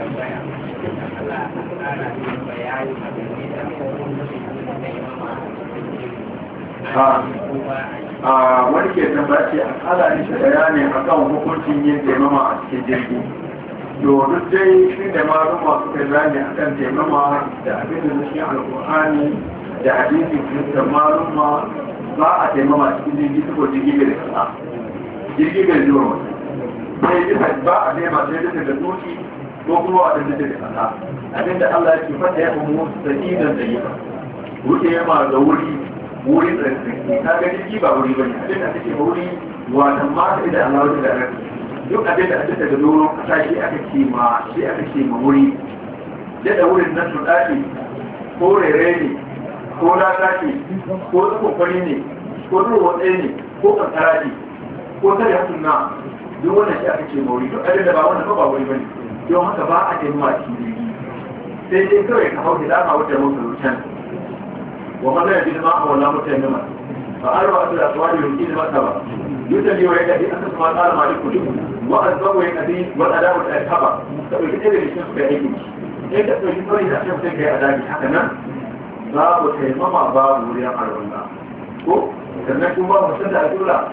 Ah, ah, a wani ke tambaya ce a tsada ne ta ne a kan hukuncin yin taimama a cikin jirgi domin dai shi da maru masu bayani a kan taimama da abin da nufin al'ƙur'ani, da hadisin kristan maru ma ba a taimama cikin jirgi ko jirgi bai da kasa jirgi bai zuwa wani sai ba a taimama sai da tuki ko kuma wa da take fata abinda Allah ya ce fata ya umu sakinan da yiba wuce ya ma ga wuri wuri da tsaki ta ga jiki ba wuri bane abinda take wuri wa da ma da Allah ya da rai duk abinda ake daga doron kasa shi aka ce ma shi aka ce ma wuri da da wurin nan su daki ko rere ne ko lata ne ko kokari ne ko ruwa ne ko kankara ne ko tare sunna duk wannan shi aka ce ma wuri duk abinda ba wannan ba wuri bane don haka ba a jin ma shi sai dai kawai ka hau gida a wajen musu rucen wa mana yabi da ma'a wala mutane ma Ba arwa atu aswali yuki da masaba yutali wa yadi akas ma qala malikul wa azwa ya yadi wa ada wa ta saboda kake da shi da yake in ka tsoyi tsoyi da shi sai kai adabi haka nan babu taimama babu wurin arwala ko sannan kuma mutum da al'ura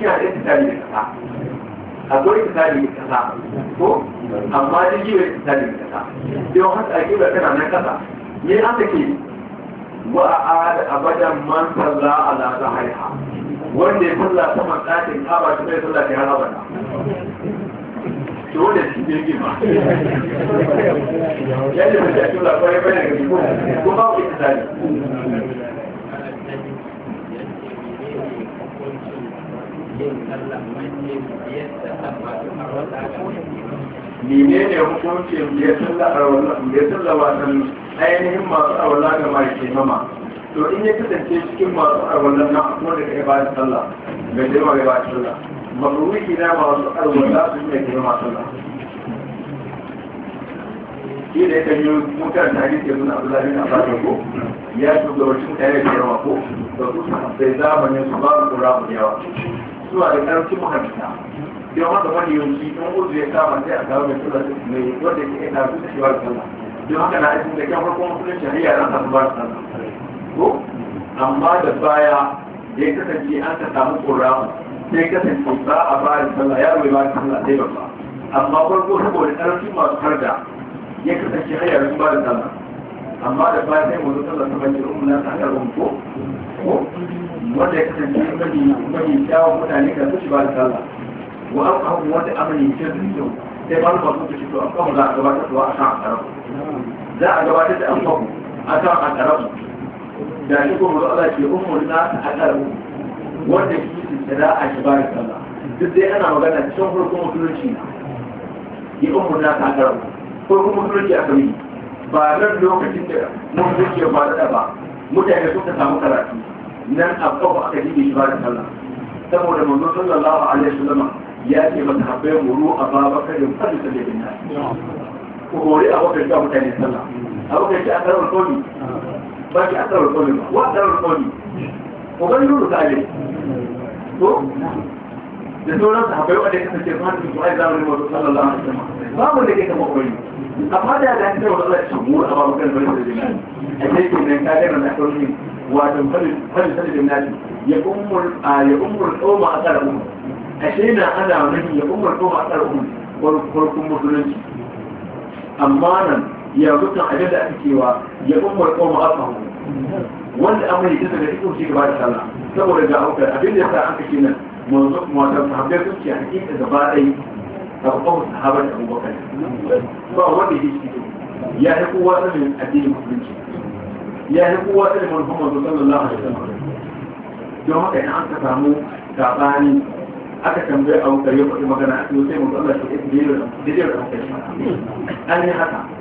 kira da ittisali da kasa akwai ittisali da kasa ko amma da jiwa ittisali da kasa don haka ake ba tana nan kasa me an take wa a abadan man salla ala wanda ya salla saman ɗakin kaba shi bai salla ta har abada to shi ne ma ya mutum ya tura kwarai bayan ga ko ba ku ittisali menene hukuncin biyar sallah wasan ainihin masu arwala ga mai kemama to in ya kasance cikin masu arwala na kuma daga ya bayan sallah ga jima ga bayan sallah maburuki na masu arwala su ne ke mama sallah shi da yakan yi mutar da hadisi ya zuna abdullahi na abbas ko ya shugaba shugabacin tare da yawa ko ba su sai zamanin su ba babu kura yawa zuwa da ƙarfin muhammita don haka wani yanzu don uzu ya kama sai a gawo mai tura mai wanda ke ina su da shi ba da sallah don haka na aikin da kyan farkon musulunci har yara na su ba da sallah ko amma da baya da ya kasance an ka samu ƙoramu sai kasance ba a ba da sallah yaro ya ba da sallah sai babba amma farko saboda ƙarfin masu harda ya kasance har yara su ba da sallah amma da baya sai mu zo sallah ta bakin umma na ta hanyar ko wanda ya kasance mafi mafi kyawun mutane ga su ba da sallah wa an kawo wanda amini ce su sai ba ba su ce to an kawo za a gabatar da a kan akarabu za a gabatar da an kawo a kan akarabu da shi kuma Allah ke umurna akarabu wanda shi su tsira a shi ba da sallah duk dai ana magana cikin farkon mutunci ya umurna Ko kuma mutunci a yi ba nan lokacin da mun zuke ba da ba mutane ta samu karatu nan a kafa aka jibe shi ba da sallah saboda manzo sallallahu alaihi wasallam ya ce ba ta habbai muru a babakar yin fadi da bin nan ku hori a wakar ga mutane sallah a wakar ki akarar koli ba ki akarar koli ba wa akarar koli ko ban yuru sale to da sauran sahabbai wanda ya kasance su hannu su aiki zamanin manzo sallallahu alaihi wasallam babu da ke kama koli amma da da ake wata zai shigo a ba mukan bari da jimani a sai ke nan ka gana na karfi wato fari sai jimani ya ummul a ya ummul tsoma a tsara umu a shi na ana nufi ya ummul tsoma a tsara umu farkon musulunci amma nan ya rukun abin da ake cewa ya ummul tsoma a tsara umu wanda an mai kisa da ikon shi gaba da sallah saboda ga aukar abin da ya sa an kashe nan manzo mawatan sahabbai sun ce hakika gaba ɗaya sabon sahabar da abubakar ba wanda ya shi ya yi kowa sanin addinin musulunci ya yi kowa sanin manufan sallallahu alaihi wasallam don haka idan aka samu sabani aka tambaye abubakar ya faɗi magana a cikin sai mutum Allah shi ya fi daidai da hankali an yi haka